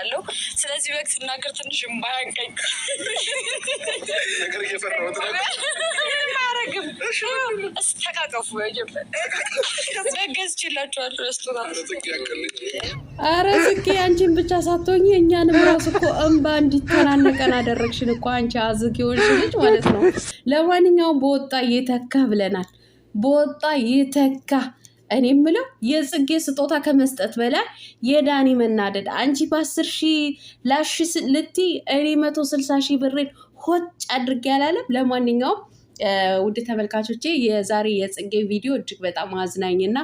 አደርጋለሁ። ስለዚህ በግ ስናገር ትንሽ ባያንቀኝ አረግም ተቃቀፉ ገዝቼላችኋለሁ። ኧረ ዝጌ አንቺን ብቻ ሳትሆኝ እኛንም ራሱ እኮ እንባ እንዲተናነቀን አደረግሽን እኮ አንቺ አዝጌዎች ልጅ ማለት ነው። ለማንኛውም በወጣ እየተካ ብለናል። በወጣ እየተካ እኔ ምለው የጽጌ ስጦታ ከመስጠት በላይ የዳኒ መናደድ። አንቺ በአስር ሺ ላሺ ልቲ እኔ መቶ ስልሳ ሺ ብሬን ሆጭ አድርጌ አላለም። ለማንኛውም ውድ ተመልካቾቼ የዛሬ የጽጌ ቪዲዮ እጅግ በጣም አዝናኝ እና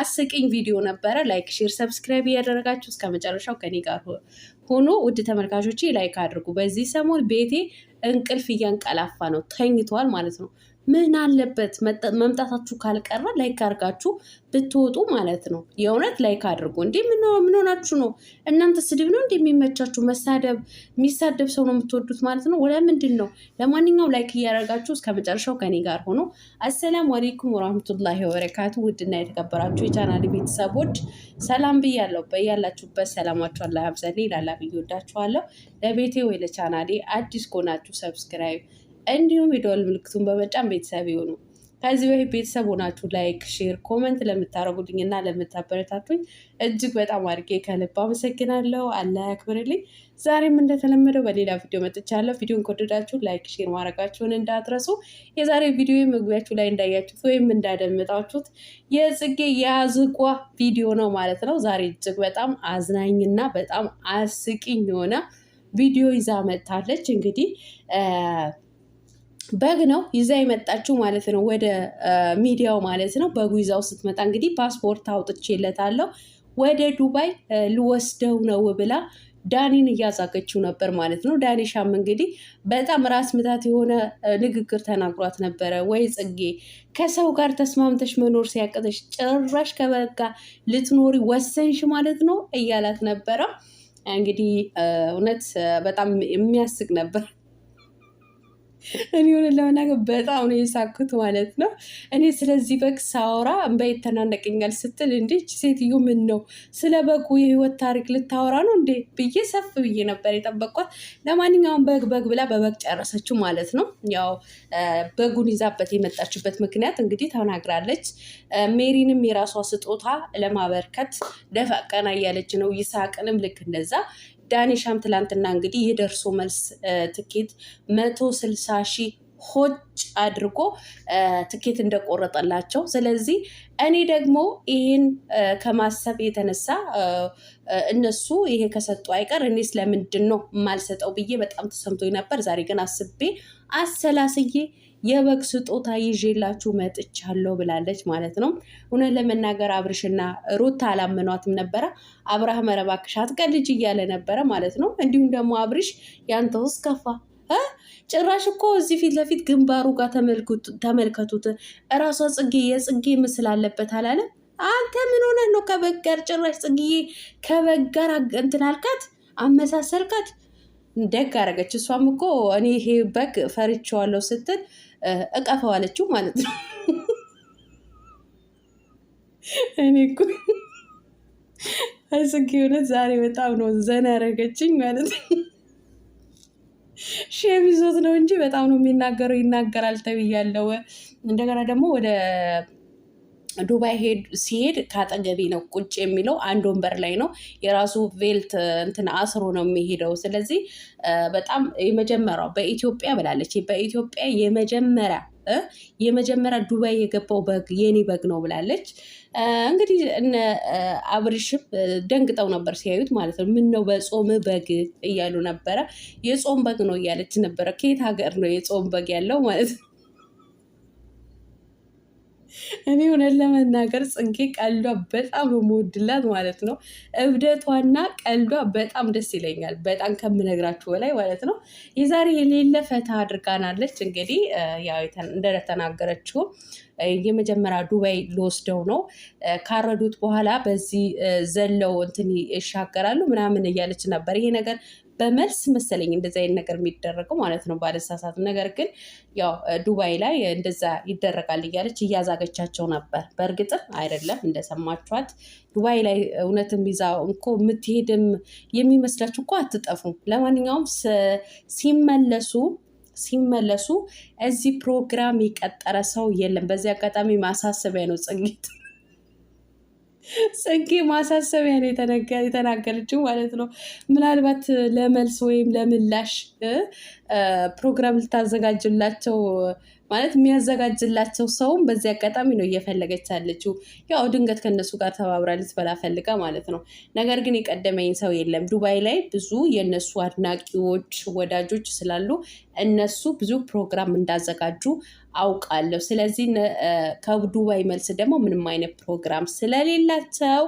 አስቂኝ ቪዲዮ ነበረ። ላይክ፣ ሼር፣ ሰብስክራይብ እያደረጋችሁ እስከ መጨረሻው ከኔ ጋር ሆኖ ውድ ተመልካቾቼ ላይክ አድርጉ። በዚህ ሰሞን ቤቴ እንቅልፍ እያንቀላፋ ነው፣ ተኝቷል ማለት ነው። ምን አለበት መምጣታችሁ ካልቀረ ላይክ አድርጋችሁ ብትወጡ ማለት ነው። የእውነት ላይክ አድርጉ። እንዴ ምን ሆናችሁ ነው እናንተ? ስድብ ነው እንዴ የሚመቻችሁ? መሳደብ የሚሳደብ ሰው ነው የምትወዱት ማለት ነው። ለምንድን ነው? ለማንኛውም ላይክ እያደረጋችሁ እስከ መጨረሻው ከኔ ጋር ሆኖ። አሰላሙ አሌይኩም ወራህመቱላሂ ወበረካቱ። ውድና የተከበራችሁ የቻናል ቤተሰቦች ሰላም ብያለሁ። በያላችሁበት ሰላማችሁ አላህ ያብዛልኝ። ላላ ብዬ ወዳችኋለሁ። ለቤቴ ወይ ለቻናሌ አዲስ ከሆናችሁ ሰብስክራይብ እንዲሁም የደወል ምልክቱን በመጫን ቤተሰብ ይሁኑ። ከዚህ በፊት ቤተሰብ ሆናችሁ ላይክ፣ ሼር፣ ኮመንት ለምታደረጉልኝ እና ለምታበረታቱኝ እጅግ በጣም አድርጌ ከልብ አመሰግናለሁ። አላህ ያክብርልኝ። ዛሬም እንደተለመደው በሌላ ቪዲዮ መጥቻለሁ። ቪዲዮን ከወደዳችሁ ላይክ፣ ሼር ማድረጋችሁን እንዳትረሱ። የዛሬ ቪዲዮ መግቢያችሁ ላይ እንዳያችሁት ወይም እንዳደምጣችሁት የጽጌ የአዝቋ ቪዲዮ ነው ማለት ነው። ዛሬ እጅግ በጣም አዝናኝና በጣም አስቂኝ የሆነ ቪዲዮ ይዛ መጥታለች እንግዲህ በግ ነው ይዛ የመጣችው ማለት ነው፣ ወደ ሚዲያው ማለት ነው። በጉ ይዛው ስትመጣ እንግዲህ ፓስፖርት አውጥቼለታለሁ ወደ ዱባይ ልወስደው ነው ብላ ዳኒን እያዛገችው ነበር ማለት ነው። ዳኒ ሻም እንግዲህ በጣም ራስ ምታት የሆነ ንግግር ተናግሯት ነበረ። ወይ ጽጌ ከሰው ጋር ተስማምተሽ መኖር ሲያቀተሽ ጭራሽ ከበጋ ልትኖሪ ወሰንሽ ማለት ነው እያላት ነበረ። እንግዲህ እውነት በጣም የሚያስቅ ነበር። እኔ ሆነን ለመናገር በጣም ነው የሳኩት ማለት ነው። እኔ ስለዚህ በግ ሳወራ እንባ ይተናነቀኛል ስትል እንዲች ሴትዮ ምን ነው ስለ በጉ የህይወት ታሪክ ልታወራ ነው እንዴ ብዬ ሰፍ ብዬ ነበር የጠበቋት። ለማንኛውም በግ በግ ብላ በበግ ጨረሰችው ማለት ነው። ያው በጉን ይዛበት የመጣችበት ምክንያት እንግዲህ ተናግራለች። ሜሪንም የራሷ ስጦታ ለማበርከት ደፋ ቀና እያለች ነው። ይሳቅንም ልክ እንደዛ ዳኒሻም ትላንትና እንግዲህ የደርሶ መልስ ትኬት መቶ ስልሳ ሺህ ሆጭ አድርጎ ትኬት እንደቆረጠላቸው። ስለዚህ እኔ ደግሞ ይህን ከማሰብ የተነሳ እነሱ ይሄ ከሰጡ አይቀር እኔ ስለምንድን ነው የማልሰጠው ብዬ በጣም ተሰምቶኝ ነበር። ዛሬ ግን አስቤ አሰላስዬ የበግ ስጦታ ይዤላችሁ መጥቻለሁ ብላለች ማለት ነው። እውነት ለመናገር አብርሽና ሩታ አላመኗትም ነበረ። አብርሃም እባክሽ አትቀልጅ እያለ ነበረ ማለት ነው። እንዲሁም ደግሞ አብርሽ ውስጥ ከፋ ጭራሽ እኮ እዚህ ፊት ለፊት ግንባሩ ጋር ተመልከቱት። እራሷ ጽጌ የጽጌ ምስል አለበት አላለም? አንተ ምን ሆነህ ነው ከበጋር ጭራሽ ጽጌዬ ከበጋር ጋር እንትን አልካት፣ አመሳሰልካት። ደግ አደረገች። እሷም እኮ እኔ ይሄ በግ ፈርቼዋለሁ ስትል እቀፈዋለችው ማለት ነው። እኔ እኮ ጽጌ እውነት ዛሬ በጣም ነው ዘና ያደረገችኝ ማለት ነው። ሼም ይዞት ነው እንጂ በጣም ነው የሚናገረው። ይናገራል ተብያለው። እንደገና ደግሞ ወደ ዱባይ ሄድ ሲሄድ ካጠገቤ ነው ቁጭ የሚለው። አንድ ወንበር ላይ ነው የራሱ ቬልት እንትን አስሮ ነው የሚሄደው። ስለዚህ በጣም የመጀመሪያው በኢትዮጵያ ብላለች። በኢትዮጵያ የመጀመሪያ የመጀመሪያ ዱባይ የገባው በግ የኔ በግ ነው ብላለች። እንግዲህ እነ አብርሽም ደንግጠው ነበር ሲያዩት ማለት ነው። ምን ነው በጾም በግ እያሉ ነበረ። የጾም በግ ነው እያለች ነበረ። ከየት ሀገር ነው የጾም በግ ያለው ማለት ነው? እኔ ሆነን ለመናገር ጽጌ ቀልዷ በጣም ነው የምወድላት ማለት ነው። እብደቷና ቀልዷ በጣም ደስ ይለኛል፣ በጣም ከምነግራችሁ በላይ ማለት ነው። የዛሬ የሌለ ፈታ አድርጋናለች። እንግዲህ ያው እንደተናገረችው የመጀመሪያ ዱባይ ልወስደው ነው ካረዱት በኋላ በዚህ ዘለው እንትን ይሻገራሉ ምናምን እያለች ነበር ይሄ ነገር በመልስ መሰለኝ እንደዚህ አይነት ነገር የሚደረገው ማለት ነው ባለሳሳት። ነገር ግን ያው ዱባይ ላይ እንደዛ ይደረጋል እያለች እያዛገቻቸው ነበር። በእርግጥም አይደለም እንደሰማችኋት ዱባይ ላይ እውነትም ይዛ እንኮ የምትሄድም የሚመስላችሁ እኮ አትጠፉም። ለማንኛውም ሲመለሱ ሲመለሱ እዚህ ፕሮግራም የቀጠረ ሰው የለም። በዚህ አጋጣሚ ማሳሰቢያ ነው ጽጌት ጽጌ ማሳሰቢያ ነው የተናገረችው ማለት ነው። ምናልባት ለመልስ ወይም ለምላሽ ፕሮግራም ልታዘጋጅላቸው ማለት የሚያዘጋጅላቸው ሰውም በዚህ አጋጣሚ ነው እየፈለገች ያለችው። ያው ድንገት ከነሱ ጋር ተባብራ ልትበላ ፈልጋ ማለት ነው። ነገር ግን የቀደመኝ ሰው የለም። ዱባይ ላይ ብዙ የእነሱ አድናቂዎች፣ ወዳጆች ስላሉ እነሱ ብዙ ፕሮግራም እንዳዘጋጁ አውቃለሁ። ስለዚህ ከዱባይ መልስ ደግሞ ምንም አይነት ፕሮግራም ስለሌላቸው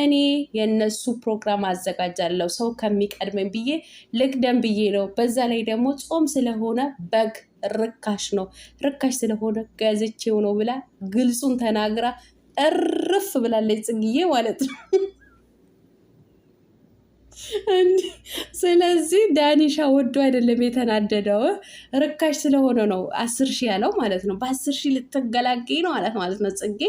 እኔ የነሱ ፕሮግራም አዘጋጃለሁ ሰው ከሚቀድመኝ ብዬ ልቅደም ብዬ ነው። በዛ ላይ ደግሞ ጾም ስለሆነ በግ ርካሽ ነው፣ ርካሽ ስለሆነ ገዝቼው ነው ብላ ግልጹን ተናግራ እርፍ ብላለች ጽግዬ ማለት ነው። ስለዚህ ዳኒሻ ወዶ አይደለም የተናደደው፣ ርካሽ ስለሆነ ነው አስር ሺህ ያለው ማለት ነው። በአስር ሺህ ልትገላገኝ ነው አላት ማለት ነው ጽጌ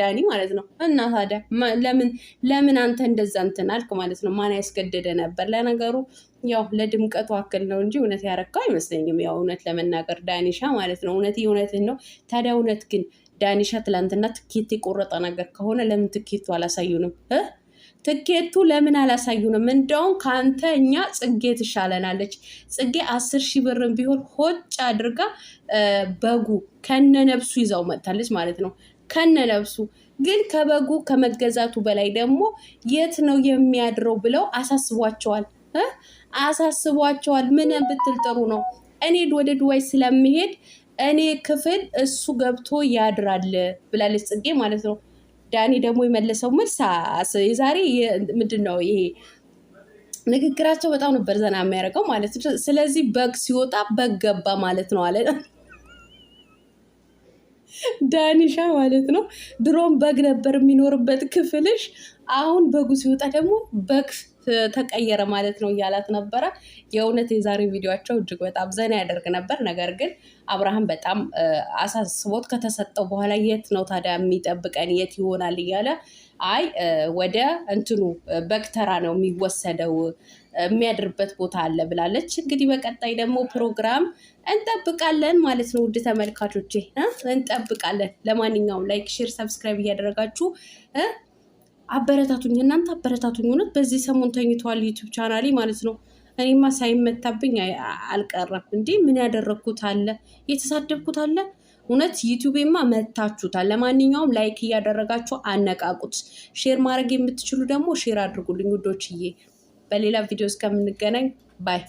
ዳኒ ማለት ነው። እና ታዲያ ለምን ለምን አንተ እንደዛ እንትን አልክ ማለት ነው? ማን ያስገደደ ነበር? ለነገሩ ያው ለድምቀቱ አክል ነው እንጂ እውነት ያረካው አይመስለኝም። ያው እውነት ለመናገር ዳኒሻ ማለት ነው እውነት እውነትን ነው። ታዲያ እውነት ግን ዳኒሻ ትላንትና ትኬት የቆረጠ ነገር ከሆነ ለምን ትኬቱ አላሳዩንም? ትኬቱ ለምን አላሳዩንም? እንደውም ከአንተ እኛ ጽጌ ትሻለናለች። ጽጌ አስር ሺህ ብርም ቢሆን ሆጭ አድርጋ በጉ ነብሱ ይዛው መጥታለች ማለት ነው። ነብሱ ግን ከበጉ ከመገዛቱ በላይ ደግሞ የት ነው የሚያድረው ብለው አሳስቧቸዋል አሳስቧቸዋል። ምን ብትል ጥሩ ነው። እኔ ወደ ድዋይ ስለምሄድ እኔ ክፍል እሱ ገብቶ ያድራል ብላለች ጽጌ ማለት ነው። ዳኒ ደግሞ የመለሰው መልስ የዛሬ ምንድን ነው ይሄ ንግግራቸው በጣም ነበር ዘና የሚያደርገው ማለት ነው። ስለዚህ በግ ሲወጣ በግ ገባ ማለት ነው አለ ዳኒሻ ማለት ነው። ድሮም በግ ነበር የሚኖርበት ክፍልሽ፣ አሁን በጉ ሲወጣ ደግሞ በግ ተቀየረ ማለት ነው እያላት ነበረ። የእውነት የዛሬ ቪዲዮቸው እጅግ በጣም ዘና ያደርግ ነበር። ነገር ግን አብርሃም በጣም አሳስቦት ከተሰጠው በኋላ የት ነው ታዲያ የሚጠብቀን የት ይሆናል እያለ አይ ወደ እንትኑ በግተራ ነው የሚወሰደው የሚያድርበት ቦታ አለ ብላለች። እንግዲህ በቀጣይ ደግሞ ፕሮግራም እንጠብቃለን ማለት ነው። ውድ ተመልካቾቼ እንጠብቃለን። ለማንኛውም ላይክ፣ ሼር፣ ሰብስክራይብ እያደረጋችሁ አበረታቱኝ፣ እናንተ አበረታቱኝ። እውነት በዚህ ሰሞን ተኝተዋል ዩቱብ ቻናሌ ማለት ነው። እኔማ ሳይመታብኝ አልቀረም እንዴ! ምን ያደረግኩት አለ? የተሳደብኩት አለ? እውነት ዩቱቤማ መታችሁታል። ለማንኛውም ላይክ እያደረጋችሁ አነቃቁት። ሼር ማድረግ የምትችሉ ደግሞ ሼር አድርጉልኝ ውዶችዬ። በሌላ ቪዲዮ እስከምንገናኝ ባይ